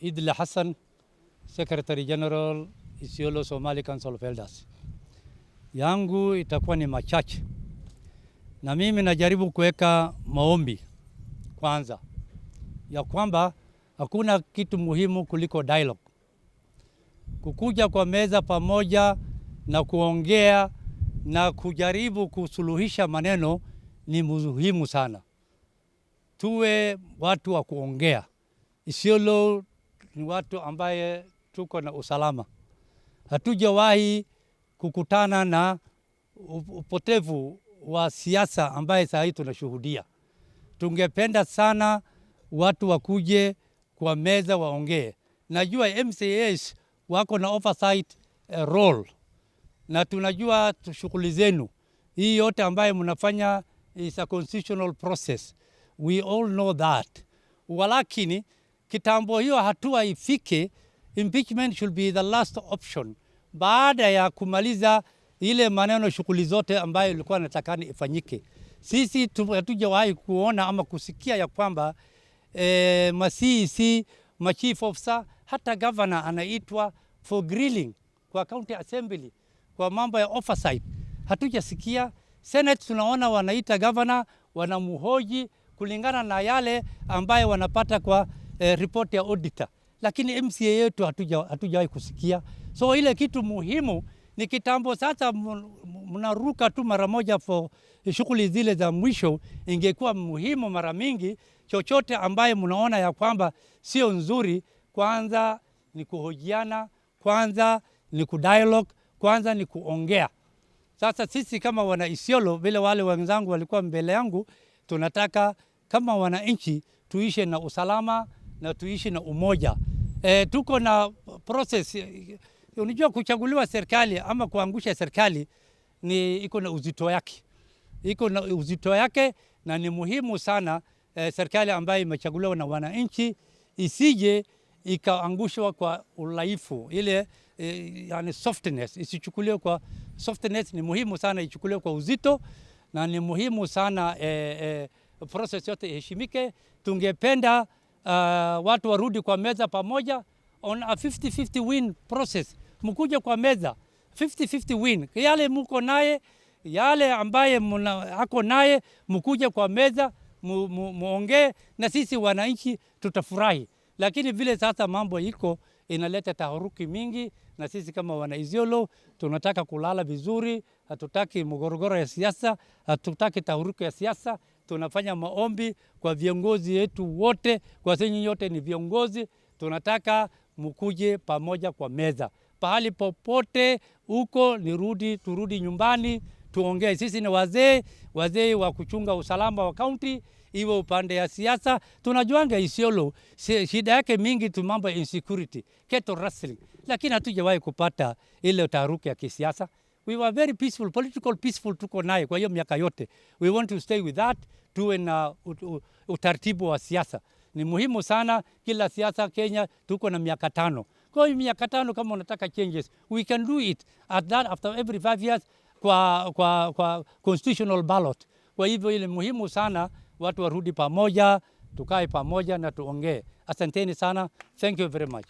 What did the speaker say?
idla Hassan, Secretary General Isiolo Somali Council of Elders. Yangu itakuwa ni machache, na mimi najaribu kuweka maombi kwanza, ya kwamba hakuna kitu muhimu kuliko dialogue, kukuja kwa meza pamoja na kuongea na kujaribu kusuluhisha maneno ni muhimu sana. Tuwe watu wa kuongea. Isiolo ni watu ambaye tuko na usalama. Hatujawahi kukutana na upotevu wa siasa ambaye saa hii tunashuhudia. Tungependa sana watu wakuje kwa meza waongee. Najua MCAs wako na oversight eh, role na tunajua shughuli zenu hii yote ambayo mnafanya is a constitutional process, we all know that walakini kitambo hiyo hatua ifike, impeachment should be the last option, baada ya kumaliza ile maneno shughuli zote ambayo ilikuwa natakana ifanyike. Sisi hatujawahi kuona ama kusikia ya kwamba e, eh, ma-CEC ma-chief officer hata governor anaitwa for grilling kwa county assembly kwa mambo ya oversight, hatujasikia. Senate tunaona wanaita governor wanamuhoji kulingana na yale ambayo wanapata kwa eh, ripoti ya auditor, lakini MCA yetu hatujawahi kusikia. So ile kitu muhimu ni kitambo sasa, mnaruka tu mara moja fo shughuli zile za mwisho. Ingekuwa muhimu mara mingi, chochote ambaye mnaona ya kwamba sio nzuri, kwanza ni kuhojiana, kwanza ni kudialogue, kwanza ni kuongea. Sasa sisi kama wana Isiolo, vile wale wenzangu walikuwa mbele yangu, tunataka kama wananchi tuishe na usalama na tuishi na umoja e, tuko na process. Unajua, kuchaguliwa serikali ama kuangusha serikali ni iko na uzito yake, iko na uzito yake, na ni muhimu sana e, serikali ambayo imechaguliwa na wananchi isije ikaangushwa kwa ulaifu ile e, yani softness, isichukuliwe kwa softness. Ni muhimu sana ichukuliwe kwa uzito na ni muhimu sana e, e, process yote iheshimike. Tungependa uh, watu warudi kwa meza pamoja on a 50-50 win process. Mkuje kwa meza 50-50 win, yale mko naye yale ambaye muna, ako naye mkuje kwa meza mu, mu, muongee na sisi wananchi tutafurahi, lakini vile sasa mambo iko inaleta taharuki mingi, na sisi kama wana Isiolo tunataka kulala vizuri, hatutaki mgorogoro ya siasa, hatutaki taharuki ya siasa tunafanya maombi kwa viongozi wetu wote, kwa sisi yote ni viongozi. Tunataka mkuje pamoja kwa meza pahali popote huko, nirudi turudi nyumbani tuongee. Sisi ni wazee, wazee wa kuchunga usalama wa kaunti, iwe upande ya siasa. Tunajuanga Isiolo shida yake mingi tu mambo ya insecurity, keto wrestling, lakini hatujawahi kupata ile taharuki ya kisiasa we were very peaceful, political peaceful tuko naye kwa hiyo miaka yote. We want to stay with that, tuwe na utaratibu wa siasa. Ni muhimu sana kila siasa Kenya tuko na miaka tano. Kwa hiyo miaka tano kama unataka changes, we can do it at that after every five years kwa, kwa, kwa constitutional ballot. Kwa hivyo ile muhimu sana watu warudi pamoja, tukae pamoja na tuongee. Asanteni sana. Thank you very much.